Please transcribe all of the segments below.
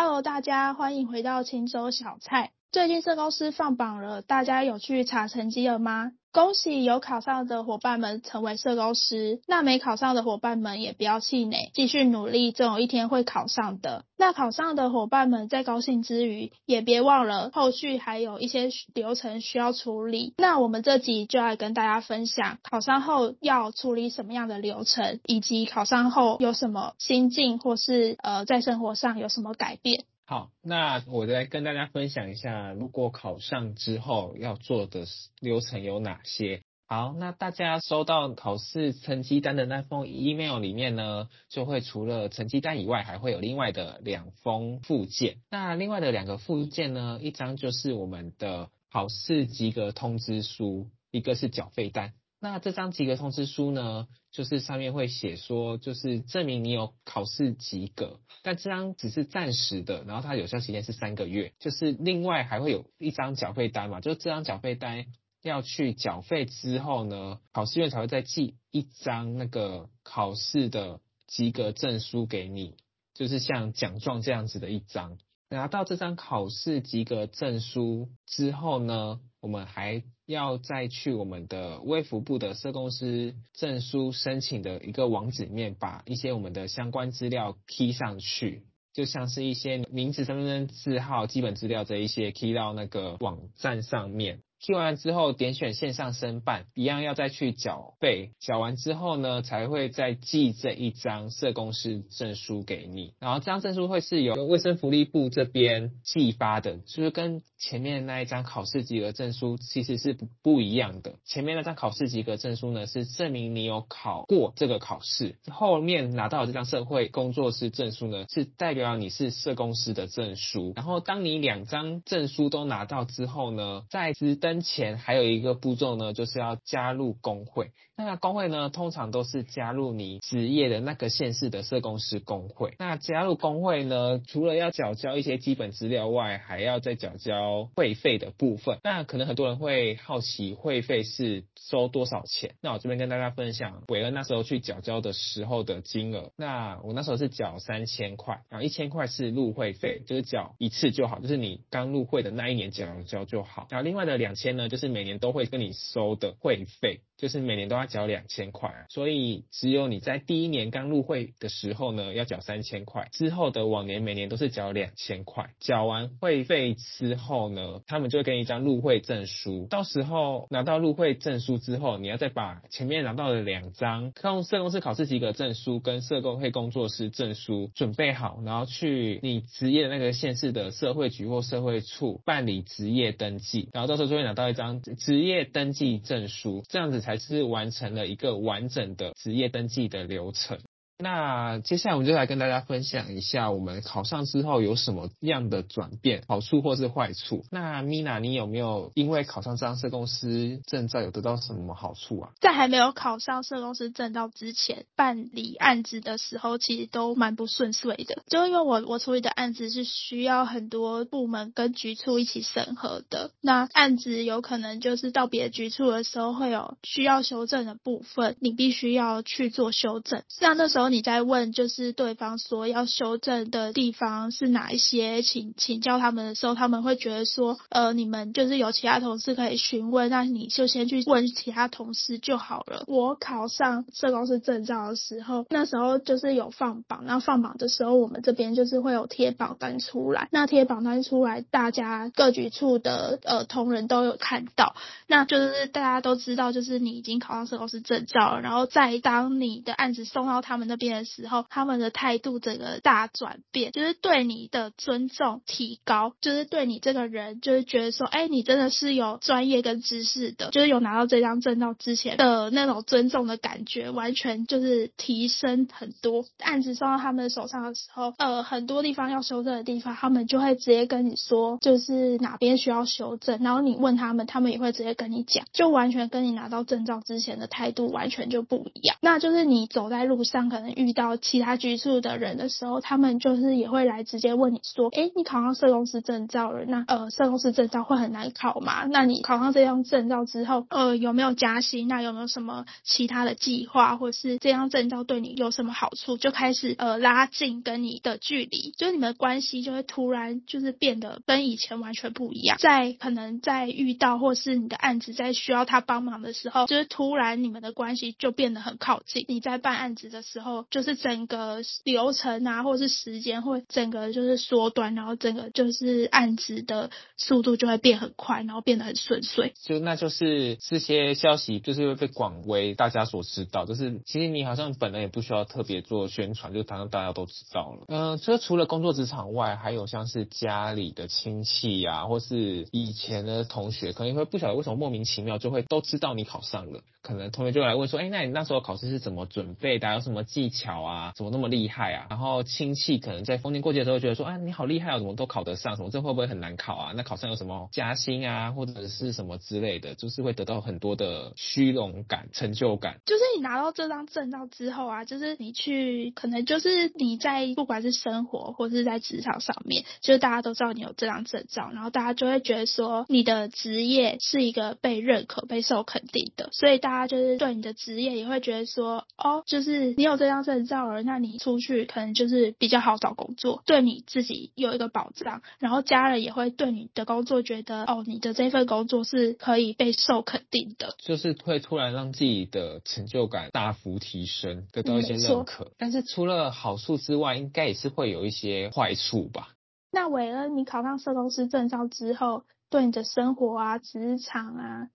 Hello，大家歡迎回到青州小菜。最近社工師放榜了，大家有去查成績了嗎？恭喜有考上的夥伴們成為社工師，那沒考上的夥伴們也不要氣餒，繼續努力，總有一天會考上的。那考上的夥伴們在高興之餘，也別忘了後續還有一些流程需要處理。那我們這集就來跟大家分享，考上後要處理什麼樣的流程，以及考上後有什麼心境，或是呃在生活上有什麼改變。好，那我再跟大家分享一下，如果考上之後要做的流程有哪些。好，那大家收到考試成績單的那封 email 裡面呢，就會除了成績單以外，還會有另外的兩封附件。那另外的兩個附件呢，一張就是我們的考試及格通知書，一個是繳費單。那這張及格通知書呢？就是上面會寫說，就是證明你有考試及格，但這張只是暫時的，然後它有效時間是三個月。就是另外還會有一張繳費單嘛，就是這張繳費單要去繳費之後呢，考試院才會再寄一張那個考試的及格證書給你，就是像獎狀這樣子的一張。拿到這張考試及格證書之後呢？我們還要再去我們的衛福部的社工師證書申請的一個網址面，把一些我們的相關資料 key 上去，就像是一些名字、身份證字號、基本資料這一些 key 到那個網站上面。填完之後點選線上申辦，一樣要再去繳費，繳完之後呢才會再寄這一張社工師證書給你。然後這張證書會是由衛生福利部這邊寄發的，就是跟前面那一張考試及格證書其實是不不一樣的。前面那張考試及格證書呢是證明你有考過這個考試，後面拿到的這張社會工作師證書呢是代表你是社工師的證書。然後當你兩張證書都拿到之後呢，再知道。跟前還有一個步驟呢，就是要加入工會。那個、工會呢，通常都是加入你職業的那個縣市的社工師工會。那加入工會呢，除了要繳交一些基本資料外，還要再繳交會費的部分。那可能很多人會好奇，會費是收多少錢？那我這邊跟大家分享，Wayne 那時候去繳交的時候的金額。那我那時候是繳三千塊，然後一千塊是入會費，就是繳一次就好，就是你剛入會的那一年繳交就好。然後另外的兩。呢，就是每年都會跟你收的會費。就是每年都要繳兩千塊，所以只有你在第一年剛入會的時候呢，要繳三千塊，之後的往年每年都是繳兩千塊。繳完會費之後呢，他們就會給你一張入會證書。到時候拿到入會證書之後，你要再把前面拿到的兩張，考社工師考試及格證書跟社工會工作師證書準備好，然後去你職業那個縣市的社會局或社會處辦理職業登記，然後到時候就會拿到一張職業登記證書，這樣子才才是完成了一個完整的職業登記的流程。那接下來我們就來跟大家分享一下，我們考上之後有什麼樣的轉變，好處或是壞處。那 Mina，你有沒有因為考上這張社工師證照，有得到什麼好處啊？在還沒有考上社工師證照之前，辦理案子的時候，其實都蠻不順遂的。就因為我我處理的案子是需要很多部門跟局處一起審核的，那案子有可能就是到別局處的時候，會有需要修正的部分，你必須要去做修正。像那，那時候。你再問就是對方說要修正的地方是哪一些，請請教他們的時候，他們會覺得說，呃，你們就是有其他同事可以詢問，那你就先去問其他同事就好了。我考上社工師證照的時候，那時候就是有放榜，那放榜的時候，我們這邊就是會有貼榜單出來，那貼榜單出來，大家各局處的呃同仁都有看到，那就是大家都知道，就是你已經考上社工師證照了，然後再當你的案子送到他們的。變的時候，他們的態度整個大轉變，就是對你的尊重提高，就是對你這個人，就是覺得說，哎、欸，你真的是有專業跟知識的，就是有拿到這張證照之前的那種尊重的感覺，完全就是提升很多。案子送到他們手上的時候，呃，很多地方要修正的地方，他們就會直接跟你說，就是哪邊需要修正，然後你問他們，他們也會直接跟你講，就完全跟你拿到證照之前的態度完全就不一樣。那就是你走在路上，可能。遇到其他局處的人的時候，他們就是也會來直接問你說，哎、欸，你考上社工師證照了，那呃，社工師證照會很難考嗎？那你考上這張證照之後，呃，有沒有加薪？那有沒有什麼其他的計劃，或是這張證照對你有什麼好處？就開始呃，拉近跟你的距離，就是你們的關係就會突然就是變得跟以前完全不一樣。在可能在遇到或是你的案子在需要他幫忙的時候，就是突然你們的關係就變得很靠近。你在辦案子的時候。就是整個流程啊，或者是時間，或整個就是縮短，然後整個就是案子的速度就會變很快，然後變得很順遂。就那就是這些消息，就是會被廣為大家所知道。就是其實你好像本來也不需要特別做宣傳，就反正大家都知道了。嗯、呃，就除了工作職場外，還有像是家裡的親戚啊，或是以前的同學，可能會不曉得為什麼莫名其妙就會都知道你考上了。可能同學就來問說：“哎、欸，那你那時候考試是怎麼準備的、啊？有什麼技巧啊？怎麼那麼厲害啊？”然後親戚可能在逢年過節的時候會覺得說：“啊，你好厲害哦，怎麼都考得上？什麼這會不會很難考啊？那考上有什麼加薪啊，或者是什麼之類的？就是會得到很多的虛榮感、成就感。”就是你拿到這張證照之後啊，就是你去，可能就是你在不管是生活或是在職場上面，就是大家都知道你有這張證照，然後大家就會覺得說你的職業是一個被認可、被受肯定的，所以大家。他就是對你的職業也會覺得說，哦，就是你有這張證照了，那你出去可能就是比較好找工作，對你自己有一個保障，然後家人也會對你的工作覺得，哦，你的這份工作是可以被受肯定的，就是會突然讓自己的成就感大幅提升，得到一些認錯可。但是除了好處之外，應該也是會有一些壞處吧？那偉恩，你考上社工師證照之後，對你的生活啊、職場啊？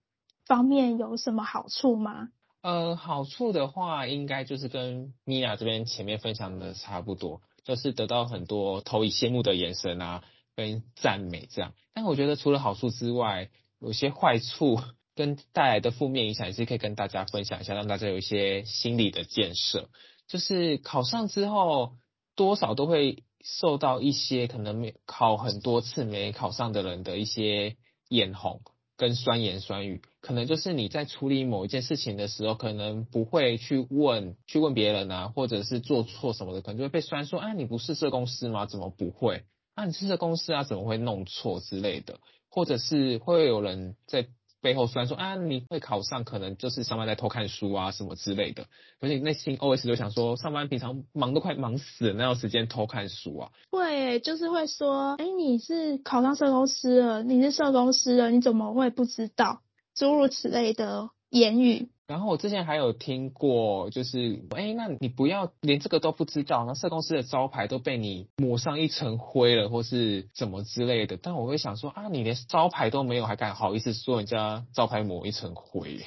方面有什麼好處嗎？呃，好處的話，應該就是跟 Mina 這邊前面分享的差不多，就是得到很多投以羨慕的眼神啊，跟讚美這樣。但我覺得除了好處之外，有些壞處跟帶來的負面影響，也是可以跟大家分享一下，讓大家有一些心理的建設。就是考上之後，多少都會受到一些可能沒考很多次沒考上的人的一些眼紅。跟酸言酸語，可能就是你在處理某一件事情的時候，可能不會去問，去問別人啊，或者是做錯什麼的，可能就會被酸說啊，你不是社工師嗎？怎麼不會？啊，你是社工師啊，怎麼會弄錯之類的，或者是會有人在背後雖然說啊，你會考上，可能就是上班在偷看書啊什麼之類的，而且內心 always 就想說，上班平常忙都快忙死了，哪有時間偷看書啊？會，就是會說，哎、欸，你是考上社工師了，你是社工師了，你怎麼會不知道？諸如此類的言語。然後我之前還有聽過，就是，誒，那你不要連這個都不知道，那社工師的招牌都被你抹上一層灰了，或是怎麼之類的。但我會想說啊，你連招牌都沒有，還敢好意思說人家招牌抹一層灰？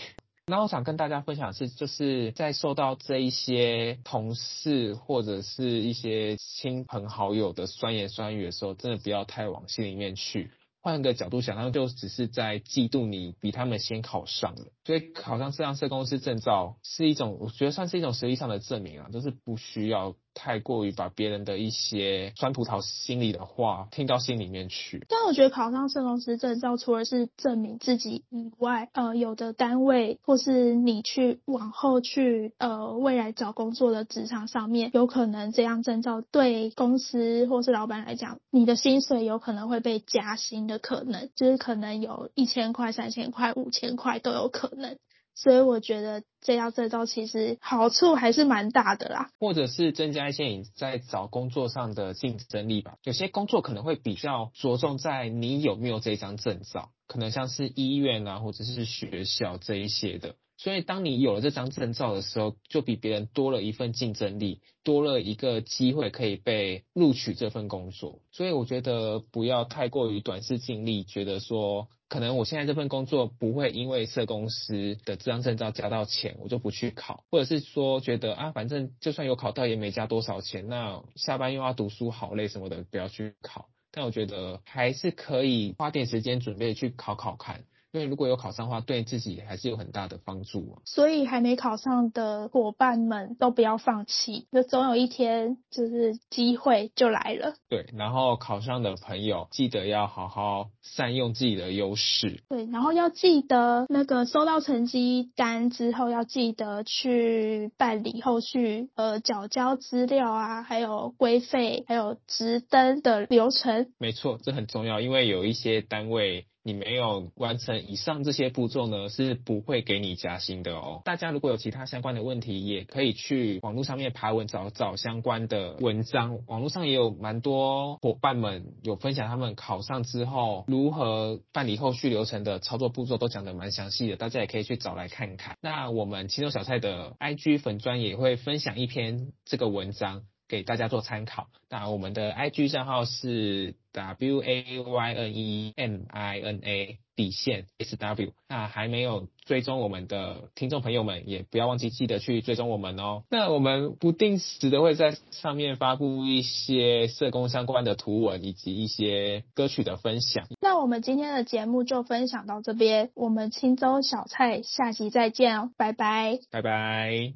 那我想跟大家分享的是，就是在受到這一些同事或者是一些親朋好友的酸言酸語的時候，真的不要太往心裡面去。換個角度想，他們就只是在嫉妒你比他們先考上了。所以考上這樣社工師證照是一種，我覺得算是一種實際上的證明啊，就是不需要。太過於把別人的一些酸葡萄心理的話聽到心裡面去。但我覺得考上社工師證照，除了是證明自己以外，呃，有的單位或是你去往後去呃未來找工作的職場上面，有可能這樣證照對公司或是老板來講，你的薪水有可能會被加薪的，可能就是可能有一千塊、三千塊、五千塊都有可能。所以我覺得這張證照其實好處還是蠻大的啦，或者是增加一些你在找工作上的競爭力吧。有些工作可能會比較着重在你有沒有這張證照，可能像是醫院啊或者是學校這一些的。所以，當你有了這張證照的時候，就比別人多了一份競爭力，多了一個機會可以被錄取這份工作。所以，我覺得不要太過於短視近利，覺得說，可能我現在這份工作不會因為社工師的這張證照加到錢，我就不去考，或者是說覺得啊，反正就算有考到，也沒加多少錢，那下班又要讀書，好累什麼的，不要去考。但我覺得還是可以花點時間準備去考考看。因為如果有考上的話，對自己還是有很大的幫助啊。所以還沒考上的夥伴們都不要放棄，那總有一天就是機會就來了。對，然後考上的朋友記得要好好善用自己的優勢。對，然後要記得那個收到成績單之後，要記得去辦理後續呃繳交資料啊，還有規費，還有執登的流程。沒錯，這很重要，因為有一些單位。你沒有完成以上這些步驟呢，是不會給你加薪的哦。大家如果有其他相關的問題，也可以去網絡上面爬文找找相關的文章。網絡上也有蠻多夥伴們有分享他們考上之後如何辦理後續流程的操作步驟，都講得蠻詳細的，大家也可以去找來看看。那我們青牛小菜的 IG 粉專也會分享一篇這個文章，給大家做參考。那我們的 IG 賬號是 w a y n e m i n a 底線 s w。那還沒有追蹤我們的聽眾朋友們，也不要忘記記得去追蹤我們哦。那我們不定時的會在上面發布一些社工相關的圖文以及一些歌曲的分享。那我們今天的節目就分享到這邊，我們輕州小菜下集再見哦，拜拜，拜拜。